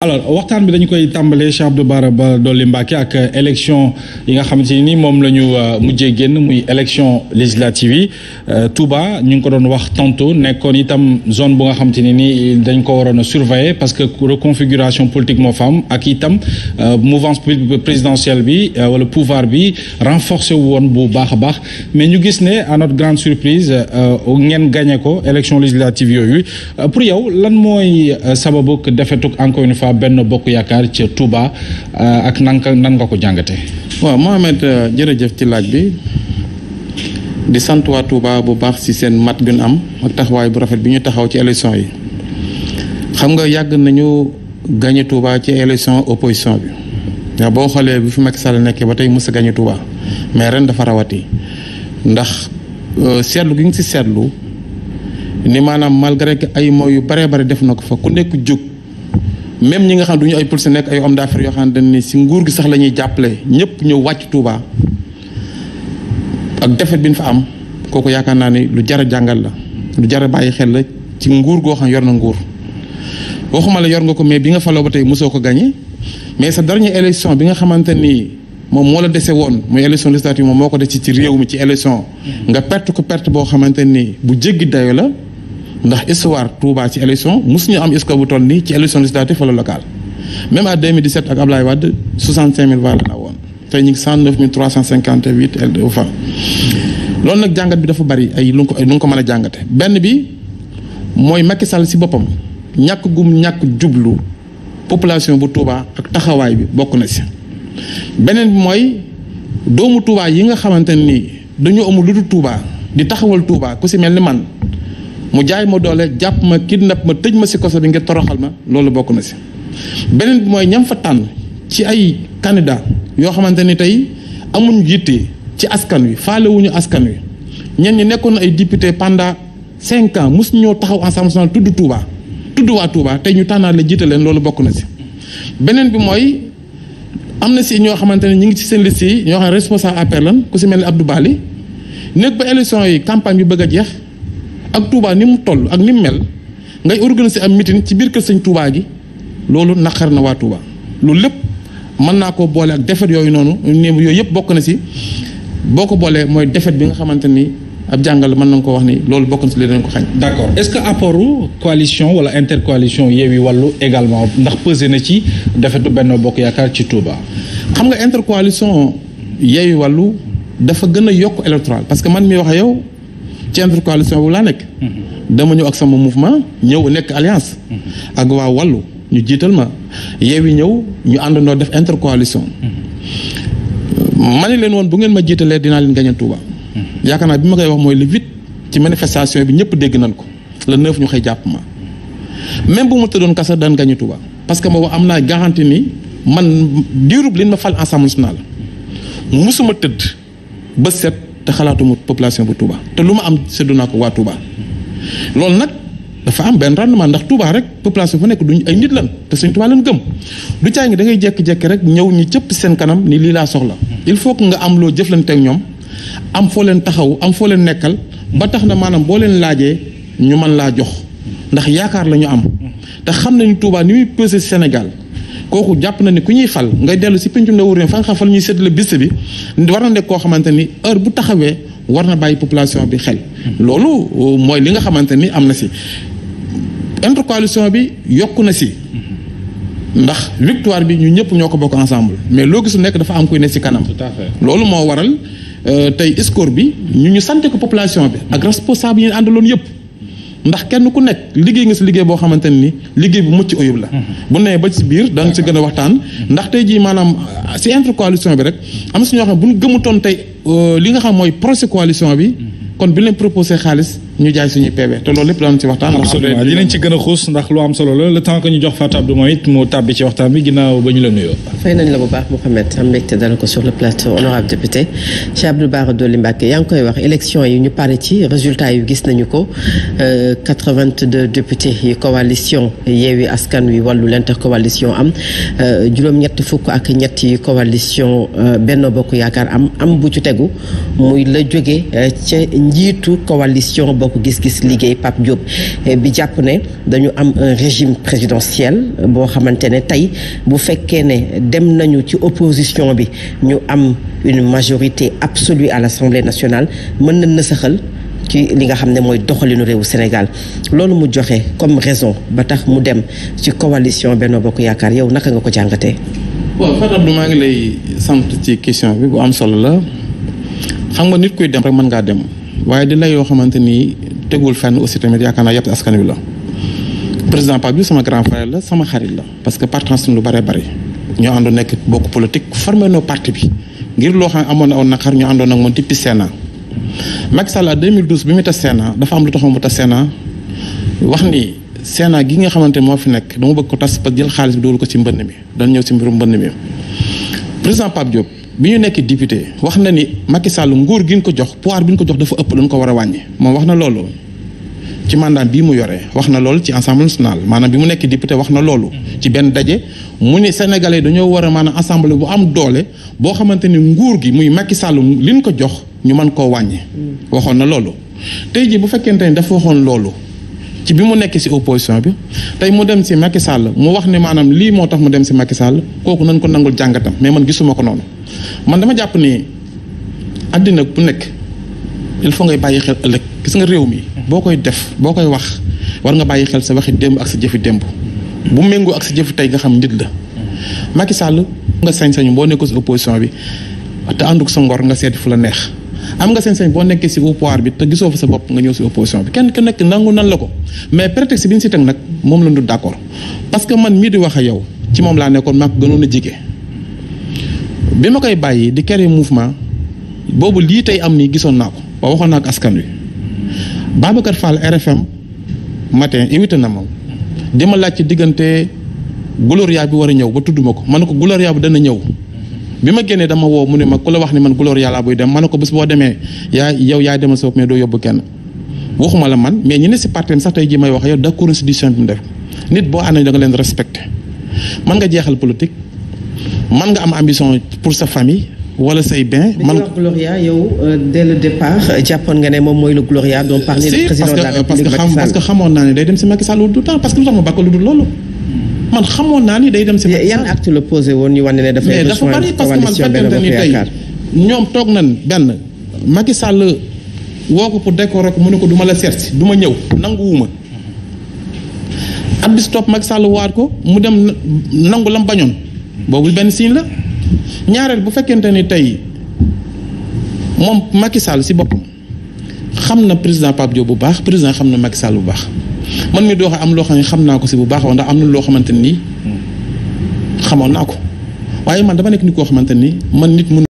alors waxtaan bi dañu koy tàmbalee Cheikh Abdou Bara Dolly Mbacké ak élection yi nga xamante nii moom la ñu euh, mujjee génn muy élection législative yi euh, Touba ñu ngi ko doon wax tantôt nekkoon itam zone bu nga xamante ne ni dañ ko waroon a parce que reconfiguration politique moo fa am ak itam euh, mouvance présidentielle bi wala pouvoir bi renforcé wu woon bu baax a baax mais ñu gis ne à notre grande surprise ngeen gagné ko élection législative yooyu pour yow lan mooy sababu defetuk encore une cas benn bokk yaakaar ca Touba euh, ak nan nan nga ko jàngate waaw Mohamed euh, jërëjëf ci laaj bi di sant waa bu baax si seen mat gën am ak taxawaay bu rafet bi ñu taxaw ci élection yi xam nga yàgg nañu gagné Touba ci élection opposition bi ndax boo xoolee bi fi Macky Sall nekkee ba tey mos a gagné Touba mais ren dafa rawati ndax euh, seetlu gi nga si seetlu ni maanaam malgré que ay moo yu baree bare def na ko fa ku nekk jóg même ñi nga xam duñu ay policiers nekk ay hommes d'affaires yoo xam ne si nguur gi sax la ñuy jàppale ñëpp ñëw wàcc Touba ak defet bi ñu fa am kooku yaakaar naa ne lu jar a jàngal la lu jar a bàyyi xel la ci nguur goo xam yor na nguur waxuma la yor nga ko mais bi nga faloo ba tey mosoo ko gagné mais sa dernière élection bi nga xamante ni moom moo la dese woon muy élection législative moom moo ko dese ci réew mi ci élection nga perte ko perte boo xamante ni bu jéggi dayo la ndax histoire Touba ci su ñu am score bu toll nii ci élection législative wala locale même à 2017 ak Ablaye Wade 65000 voix la woon tey ñu ngi 109358 voix loolu nag jàngat bi dafa bari ay lu ko ay lu nga ko mën a jàngate benn bi mooy makki Sall si boppam ñàkk gum ñàkk jublu population bu Touba ak taxawaay bi bokk na si beneen bi mooy doomu Touba yi nga xamante nii dañoo amul lu dul Touba di taxawal Touba ku si mel ni man. mu jaay ma doole jàpp ma kidnap ma tëj ma si koso bi ngir toroxal ma loolu bokk na si beneen bi mooy ñam fa tànn ci ay candidat yoo xamante ni tey amuñ yitte ci askan wi faale wuñu askan wi ñen ñi nekkoon ay député pendant cinq mos ñoo taxaw ensemble national tudd Touba tudd waa Touba tey ñu tànnaat la jiite leen loolu bokk na si beneen bi mooy am na si ñoo xamante ne ñu ngi ci seen liste ñoo xam ne responsable APR lan ku si mel ni Abdou Bali nekk ba élection yi campagne bi bëgg a jeex ak Touba ni mu toll ak ni mu mel ngay organiser am mitin ci biir kër sëñ Touba gi loolu naqar na waa Touba loolu lépp mën naa koo boole ak defet yooyu noonu ne yooyu yëpp bokk na si boo ko boole mooy defet bi nga xamante ni ab jàngal mën nañ ko wax ni loolu bokk na si li dañ ko xañ d'accord est-ce que apportu coalition wala intercoalition yi Wallu également ndax pesé na ci defetu benn Bokk Yaakaar ci Touba. xam nga intercoalition Yewwi Wallu dafa gën a yokk électoral parce que man mi wax yow. ci intercoalition bu laa nekk. Mhm. dama ñëw ak sama mouvement ñëw nekk alliance. Mhm. ak waa wàllu ñu jiital ma Yewwi ñëw ñu àndandoo def intercoalition. Mhm. ma ne leen woon bu ngeen ma jiitalee dinaa leen gañe Touba. yaakaar naa bi ma koy wax mooy le huit ci manifestation bi ñëpp dégg nañ ko le neuf ñu xëy jàpp ma même bu ma tëddoon kasa daan gañe Touba parce que ma wax am naa garantie ni man diirub li ma fal Assemblée nationale musuma tëdd ba set. te xalaatuma population bu Touba te lu ma am séddu naa ko waa Touba loolu nag dafa am benn rendement ndax Touba rek population bu nekk duñ ay nit lan te Sëñ Touba lan gëm du caa ngi da ngay jékki-jékki rek ñëw ñi cëpp seen kanam ni lii laa soxla il faut que nga am loo jëflante ak ñoom am foo leen taxaw am foo leen nekkal ba tax na maanaam boo leen laajee ñu man laa jox ndax yaakaar la am te xam nañu Touba ni muy pesé Sénégal kooku jàpp na ni ku ñuy fal ngay dellu si pencum ndaw réew fa nga fal ñuy seetlu bés bi war na nekk koo xamante ni heure bu taxawee war na bàyyi population bi xel. loolu euh, mooy li nga xamante ni am na si intercoalition bi yokk na si. ndax victoire bi ñu ñëpp ñoo ko bokk ensemble mais loo gisu nekk dafa am kuy ne si kanam. loolu moo waral euh, tey score bi. ñu ñu sante ko population bi. ak responsable yi ñu àndaloon yëpp. ndax kenn ku nekk liggéey nga si liggéey boo xamante ni liggéey bu mucc ayib la mhm. bu nee ba si biir danga si gën a waxtaan mhm. ndax tey jii maanaam si intercoalition bi rek am na si ñoo xam ne bu ñu gëmutoon tey euh, li nga xam mooy projet coalition bi mhm. kon bi leen proposé xaalis ñu jaay suñuy PV te loolu lépp daan ci waxtaan. absolument dinañ ci gën a xuus ndax lu am solo la temps que ñu jox Fatou Abdou moom it mu tàbbi ci waxtaan bi ginnaaw ba ñu la nuyoo. fay nañ la bu baax Mouhamed am mbégte dala sur le plateau honorable député Cheikh yi ñu pare ci résultat yu gis nañu euh, coalition am euh, juróom-ñett fukk ak ñett yi coalition euh, Benno Bokk Yaakaar am am bu ci tegu muy la jóge ca njiitu coalition bokk gis-gis liggéey Pape Diop eh, bi jàpp ne dañu am un régime présidentiel eh, boo xamante ne tey bu fekkee ne dem nañu ci opposition bi ñu am une majorité absolue à l'Assemblée nationale mën na nasaxal ci li nga xam ne mooy doxalinu réewu Sénégal loolu mu joxe comme raison ba tax mu dem ci coalition Benno Bokk Yaakaar yow naka nga ko jàngatee. waaw Fatou Abdou maa ngi lay sant ci question bi bu am solo la xam nga nit kuy dem rek mën ngaa dem. waaye di lay yoo xamante ni tegul fenn aussi tamit yaakaar naa yàpp askan wi la président Pape Diouf sama grand frère la sama xarit la parce que partenariat lu bare bare ñoo àndoon nekk bokk politique formé no parti bi ngir loo xam amoon na aw naqar ñu àndoon ak moom depuis Sénat Macky Sall 2012 bi mu tas Sénat dafa am lu taxaw mu tas Sénat wax ni Sénat gi nga xamante moo fi nekk dama bëgg ko tas parce jël xaalis bi dugal ko ci mbënn mi dana ñëw ci mbirum mbënn mi président Pape Diop bi ñu nekk député wax na ni Macky Sall nguur gi ñu ko jox poir bi ñu ko jox dafa ëpp dañ ko war a wàññi moom wax na loolu ci mandat bii mu yore wax na loolu ci assemblée nationale bi mu nekk député wax na loolu ci benn daje mu ne sénégalais dañoo war a maanaam assemblée bu am doole boo xamante ni nguur gi muy Macky Sall li ñu ko jox ñu man koo wàññi. Mm. waxoon na loolu tey jii bu fekkente ni dafa waxoon loolu. ci bi mu nekk ci opposition bi tey mu dem ci Macky Sall mu wax ne maanaam lii moo tax mu dem ci Macky Sall kooku nañ ko nangul jàngatam mais man gisuma ko noonu. man dama jàpp ne àddina bu nekk il foo ngay bàyyi xel ëllëg gis nga réew mi boo koy def boo koy wax war nga bàyyi xel sa waxi démb ak sa jëfi démb bu méngoo ak sa jëfi tey nga xam nit la Macky Sall nga sañ-sañu boo nekkoo si opposition bi te ànduk sa ngor nga seeti fu la neex am nga sañ-sañ boo nekkee si au pouvoir bi te gisoo fa sa bopp nga ñëw si opposition bi kenn ku nekk nangu nan la ko mais prétexte bi ñu si teg nag moom la ñu d'accord parce que man mii di wax a yow ci moom laa nekkoon maa gënoon a jege bi ma koy bàyyi di créer mouvement boobu lii tey am nii gisoon naa ko waxoon naa ko askan wi Babacar Fall RFM matin invité na ma di ma laaj ci diggante gloria bi war a ñëw ba tudd ko ma ne ko gloria bi dana ñëw bi ma génnee dama woo mu ne ma ku la wax ni man gloria laa buy dem ma ne ko bés boo demee yaa yow yaa demal sa bopp mais doo yóbbu kenn waxuma la man mais ñi ne si parti sax tey jii may wax yow d'accord institution bi mu def nit boo ànd da nga leen respecté mën nga jeexal politique. man nga am ambition pour sa famille wala say bien. man Gloria yow euh, dès le départ euh, jàppoon nga ne moom mooy le Gloria dont parlait le président euh, que xamoon naa ne day dem si Macky Sall tout le temps parce que lu xamoon naa ni day dem si. yan acte la posé woon ñu wane ne dafay. ñoom toog nañ benn Macky Sall woo ko pour décorer ko mu ne ko du la seet si du ñëw nanguwuma. at bis topp Macky Sall waat ko mu dem nangu lam bañoon. boobu benn signe la ñaareel bu fekkente ni tey moom Macky Sall si boppam xam na président Pape Diop bu baax président xam na Macky Sall bu baax man mi doo am loo xam ne xam naa ko si bu baax woon ndax am na loo xamante nii xamoon naa ko waaye man dama nekk nit koo xamante ni man nit mun